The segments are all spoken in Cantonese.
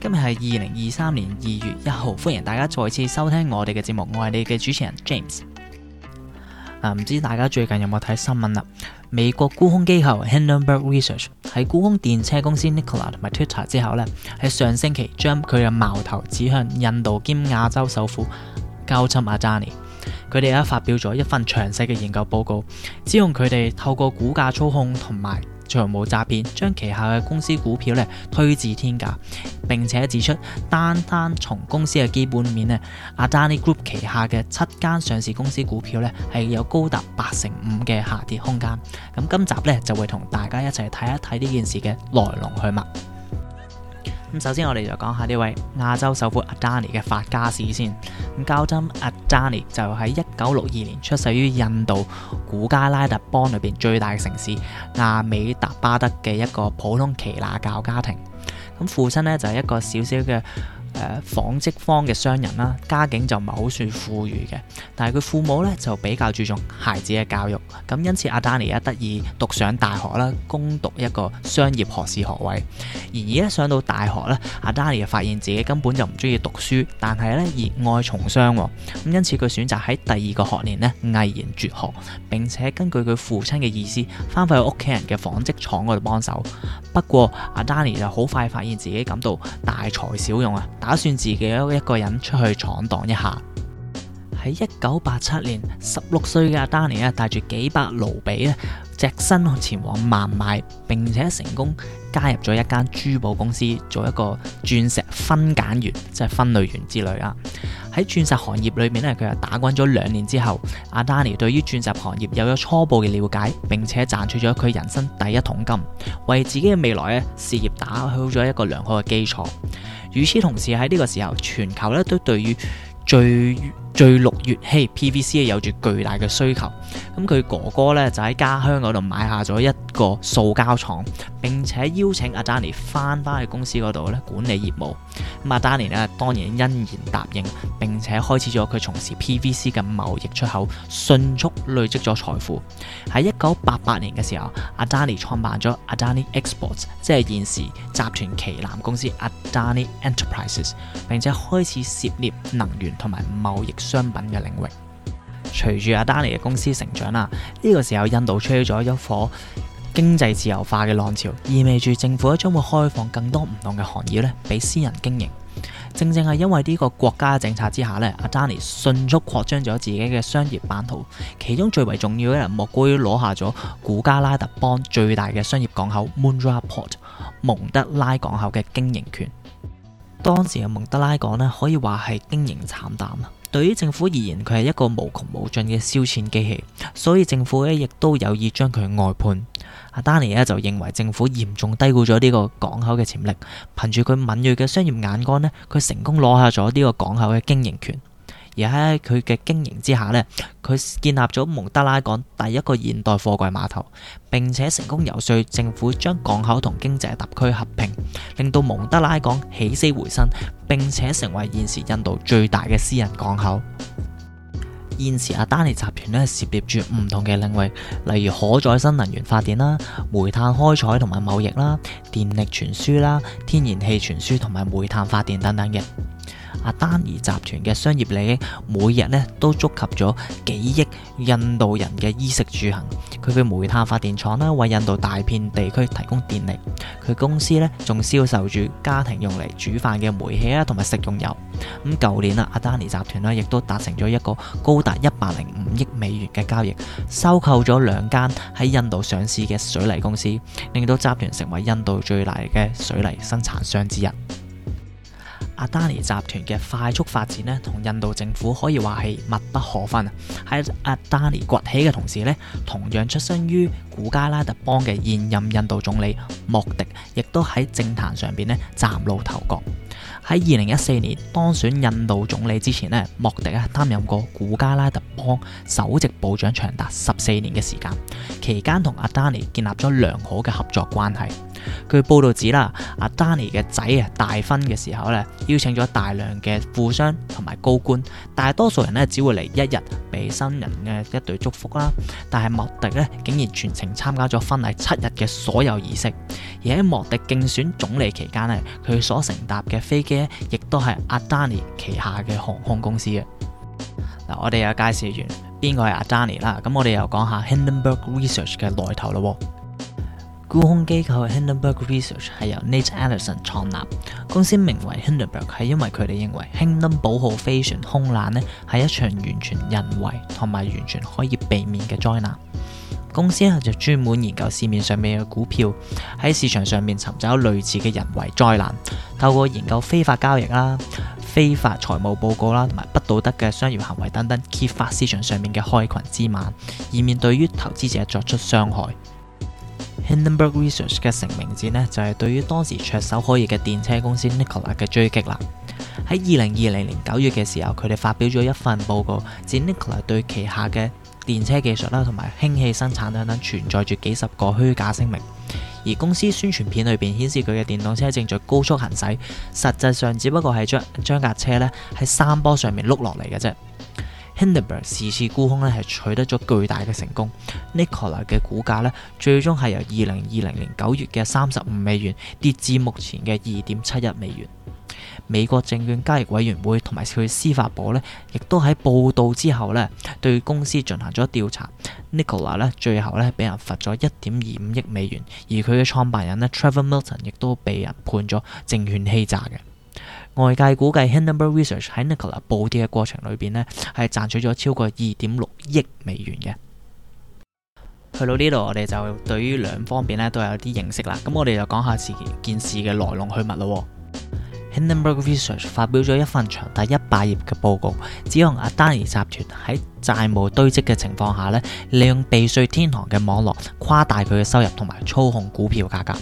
今日係二零二三年二月一號，歡迎大家再次收聽我哋嘅節目，我係你嘅主持人 James。啊，唔知大家最近有冇睇新聞啦？美國沽空機構 Hindenburg Research 喺沽空電車公司 Nikola 同埋 Twitter 之後呢，喺上星期將佢嘅矛頭指向印度兼亞洲首富、交親阿達尼。佢哋啊發表咗一份詳細嘅研究報告，指控佢哋透過股價操控同埋，財務詐騙，將旗下嘅公司股票咧推至天價，並且指出單單從公司嘅基本面咧，Adani Group 旗下嘅七間上市公司股票咧係有高達八成五嘅下跌空間。咁今集咧就會同大家一齊睇一睇呢件事嘅來龍去脈。咁首先我哋就講下呢位亞洲首富阿達尼嘅發家史先。咁，高塔姆阿達尼就喺一九六二年出世於印度古加拉特邦裏邊最大嘅城市亞美達巴德嘅一個普通耆那教家庭。咁父親呢，就係、是、一個小小嘅。誒、呃、紡織方嘅商人啦，家境就唔係好算富裕嘅，但係佢父母咧就比較注重孩子嘅教育，咁因此阿達尼一得以讀上大學啦，攻讀一個商業學士學位。然而一上到大學咧，阿達尼就發現自己根本就唔中意讀書，但係咧熱愛從商喎，咁因此佢選擇喺第二個學年咧毅然絕學，並且根據佢父親嘅意思翻返去屋企人嘅紡織廠嗰度幫手。不過阿達尼很就好快發現自己感到大材小用啊！打算自己一個人出去闖蕩一下。喺一九八七年，十六歲嘅阿丹尼咧帶住幾百盧比啊，隻身前往孟買，並且成功加入咗一間珠寶公司，做一個鑽石分揀員，即係分類員之類啊。喺鑽石行業裏面咧，佢打滾咗兩年之後，阿丹尼對於鑽石行業有咗初步嘅了解，並且賺取咗佢人生第一桶金，為自己嘅未來咧事業打好咗一個良好嘅基礎。與此同時，喺呢個時候，全球咧都對於最最六月起 PVC 有住巨大嘅需求，咁佢哥哥咧就喺家鄉度買下咗一個塑膠廠，並且邀請阿 Dany 翻返去公司度咧管理業務。咁阿 Dany 呢，當然欣然答應，並且開始咗佢從事 PVC 嘅貿易出口，迅速累積咗財富。喺一九八八年嘅時候，阿 Dany 創辦咗阿 Dany Exports，即係現時集團旗艦公司阿 Dany Enterprises，並且開始涉獵能源同埋貿易。商品嘅領域，隨住阿丹尼嘅公司成長啦，呢個時候印度吹咗一夥經濟自由化嘅浪潮，意味住政府咧將會開放更多唔同嘅行業咧俾私人經營。正正係因為呢個國家政策之下咧，阿丹尼迅速擴張咗自己嘅商業版圖，其中最為重要嘅人，莫過於攞下咗古加拉特邦最大嘅商業港口 Mundra Port 蒙德拉港口嘅經營權。當時嘅蒙德拉港咧可以話係經營慘淡。對於政府而言，佢係一個無窮無盡嘅燒錢機器，所以政府咧亦都有意將佢外判。阿丹尼咧就認為政府嚴重低估咗呢個港口嘅潛力，憑住佢敏銳嘅商業眼光咧，佢成功攞下咗呢個港口嘅經營權。而喺佢嘅經營之下呢，佢建立咗蒙德拉港第一個現代貨櫃碼頭，並且成功遊說政府將港口同經濟特區合併，令到蒙德拉港起死回生，並且成為現時印度最大嘅私人港口。現時阿丹尼集團咧涉獵住唔同嘅領域，例如可再生能源發電啦、煤炭開採同埋貿易啦、電力傳輸啦、天然氣傳輸同埋煤炭發電等等嘅。阿丹尼集團嘅商業利益每日咧都觸及咗幾億印度人嘅衣食住行。佢嘅煤炭發電廠啦，為印度大片地區提供電力。佢公司咧仲銷售住家庭用嚟煮飯嘅煤氣啊，同埋食用油。咁舊年啊，阿丹尼集團咧亦都達成咗一個高達一百零五億美元嘅交易，收購咗兩間喺印度上市嘅水泥公司，令到集團成為印度最大嘅水泥生產商之一。阿丹尼集團嘅快速發展咧，同印度政府可以話係密不可分。喺阿丹尼崛起嘅同時咧，同樣出身於古加拉特邦嘅現任印度總理莫迪，亦都喺政壇上邊咧嶄露頭角。喺二零一四年當選印度總理之前咧，莫迪啊擔任過古加拉特邦首席部長，長達十四年嘅時間，期間同阿丹尼建立咗良好嘅合作關係。據報道指啦，阿 Dany 嘅仔啊大婚嘅時候咧，邀請咗大量嘅富商同埋高官，大多數人咧只會嚟一日俾新人嘅一對祝福啦。但係莫迪咧竟然全程參加咗婚禮七日嘅所有儀式，而喺莫迪競選總理期間咧，佢所乘搭嘅飛機亦都係阿 Dany 旗下嘅航空公司嘅。嗱，我哋又介紹完邊個係阿 Dany 啦，咁我哋又講下 Hindenburg Research 嘅來頭咯。沽空機構 Hindenburg Research 係由 Nate Anderson 創立，公司名為 Hindenburg 係因為佢哋認為興登堡號飛船空難咧係一場完全人為同埋完全可以避免嘅災難。公司咧就專門研究市面上面嘅股票，喺市場上面尋找類似嘅人為災難，透過研究非法交易啦、非法財務報告啦同埋不道德嘅商業行為等等，揭發市場上面嘅害群之馬，以免對於投資者作出傷害。Hindenburg Research 嘅成名戰呢，就係對於當時炙手可熱嘅電車公司 Nikola 嘅追擊啦。喺二零二零年九月嘅時候，佢哋發表咗一份報告，指 Nikola 對旗下嘅電車技術啦，同埋氫氣生產等等存在住幾十個虛假聲明。而公司宣傳片裏邊顯示佢嘅電動車正在高速行駛，實際上只不過係將將架車呢喺山坡上面碌落嚟嘅啫。Hindenburg 上次沽空咧，係取得咗巨大嘅成功。Nikola 嘅股價咧，最終係由二零二零年九月嘅三十五美元跌至目前嘅二點七一美元。美國證券交易委員會同埋佢司法部咧，亦都喺報道之後咧，對公司進行咗調查。Nikola 咧，最後咧，俾人罰咗一點二五億美元，而佢嘅創辦人咧 Trevor Milton 亦都俾人判咗證券欺詐嘅。外界估計 Hindenburg Research 喺 Nikola 暴跌嘅過程裏邊咧，係賺取咗超過二點六億美元嘅。去到呢度，我哋就對於兩方面咧都有啲認識啦。咁我哋就講下事件事嘅來龍去脈咯。Hindenburg Research 發表咗一份長達一百頁嘅報告，指控阿丹尼集團喺債務堆積嘅情況下咧，利用避稅天堂嘅網絡誇大佢嘅收入同埋操控股票價格。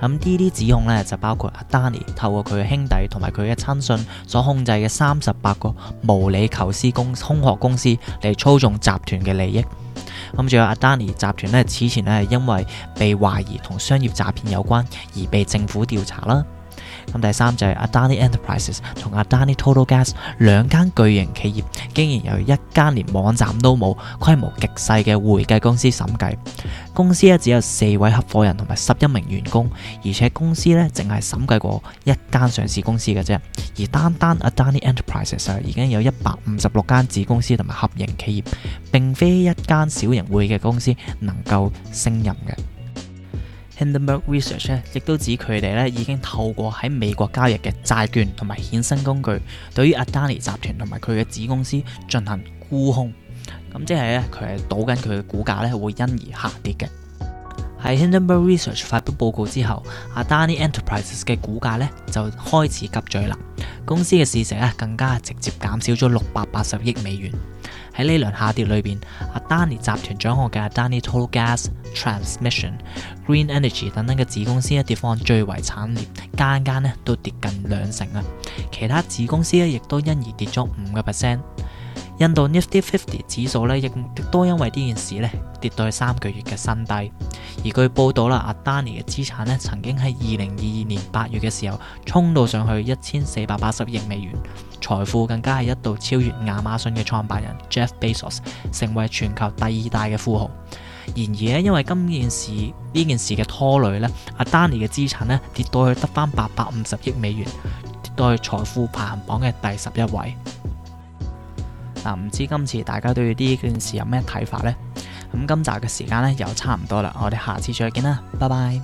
咁呢啲指控咧就包括阿丹尼透過佢嘅兄弟同埋佢嘅親信所控制嘅三十八個毛里求斯公空殼公司嚟操縱集團嘅利益。咁仲有阿丹尼集團呢，此前咧係因為被懷疑同商業詐騙有關而被政府調查啦。咁第三就係 Adani Enterprises 同 Adani Total Gas 兩間巨型企業竟然由一間連網站都冇、規模極細嘅會計公司審計。公司咧只有四位合伙人同埋十一名員工，而且公司咧淨係審計過一間上市公司嘅啫。而單單 Adani Enterprises、啊、已經有一百五十六間子公司同埋合營企業，並非一間小型會計公司能夠勝任嘅。Hindenburg Research 咧，亦都指佢哋咧已經透過喺美國交易嘅債券同埋衍生工具，對於阿丹尼集團同埋佢嘅子公司進行沽空。咁即係咧，佢係賭緊佢嘅股價咧會因而下跌嘅。喺 Hindenburg Research 發表報告之後，阿丹尼 Enterprises 嘅股價咧就開始急墜啦。公司嘅市值咧更加直接減少咗六百八十億美元。喺呢輪下跌裏邊，阿丹尼集團掌控嘅阿丹尼 Total Gas Transmission、Green Energy 等等嘅子公司一跌幅最為慘烈，間間咧都跌近兩成啊！其他子公司咧亦都因而跌咗五個 percent。印度 Nifty Fifty 指數咧，亦都因為呢件事咧，跌到去三個月嘅新低。而據報導啦，阿丹尼嘅資產咧，曾經喺二零二二年八月嘅時候，衝到上去一千四百八十億美元，財富更加係一度超越亞馬遜嘅創辦人 Jeff Bezos，成為全球第二大嘅富豪。然而咧，因為今件事呢件事嘅拖累咧，阿丹尼嘅資產咧，跌到去得返八百五十億美元，跌到去財富排行榜嘅第十一位。嗱，唔知今次大家對呢件事有咩睇法呢？咁今集嘅時間呢，又差唔多啦，我哋下次再見啦，拜拜。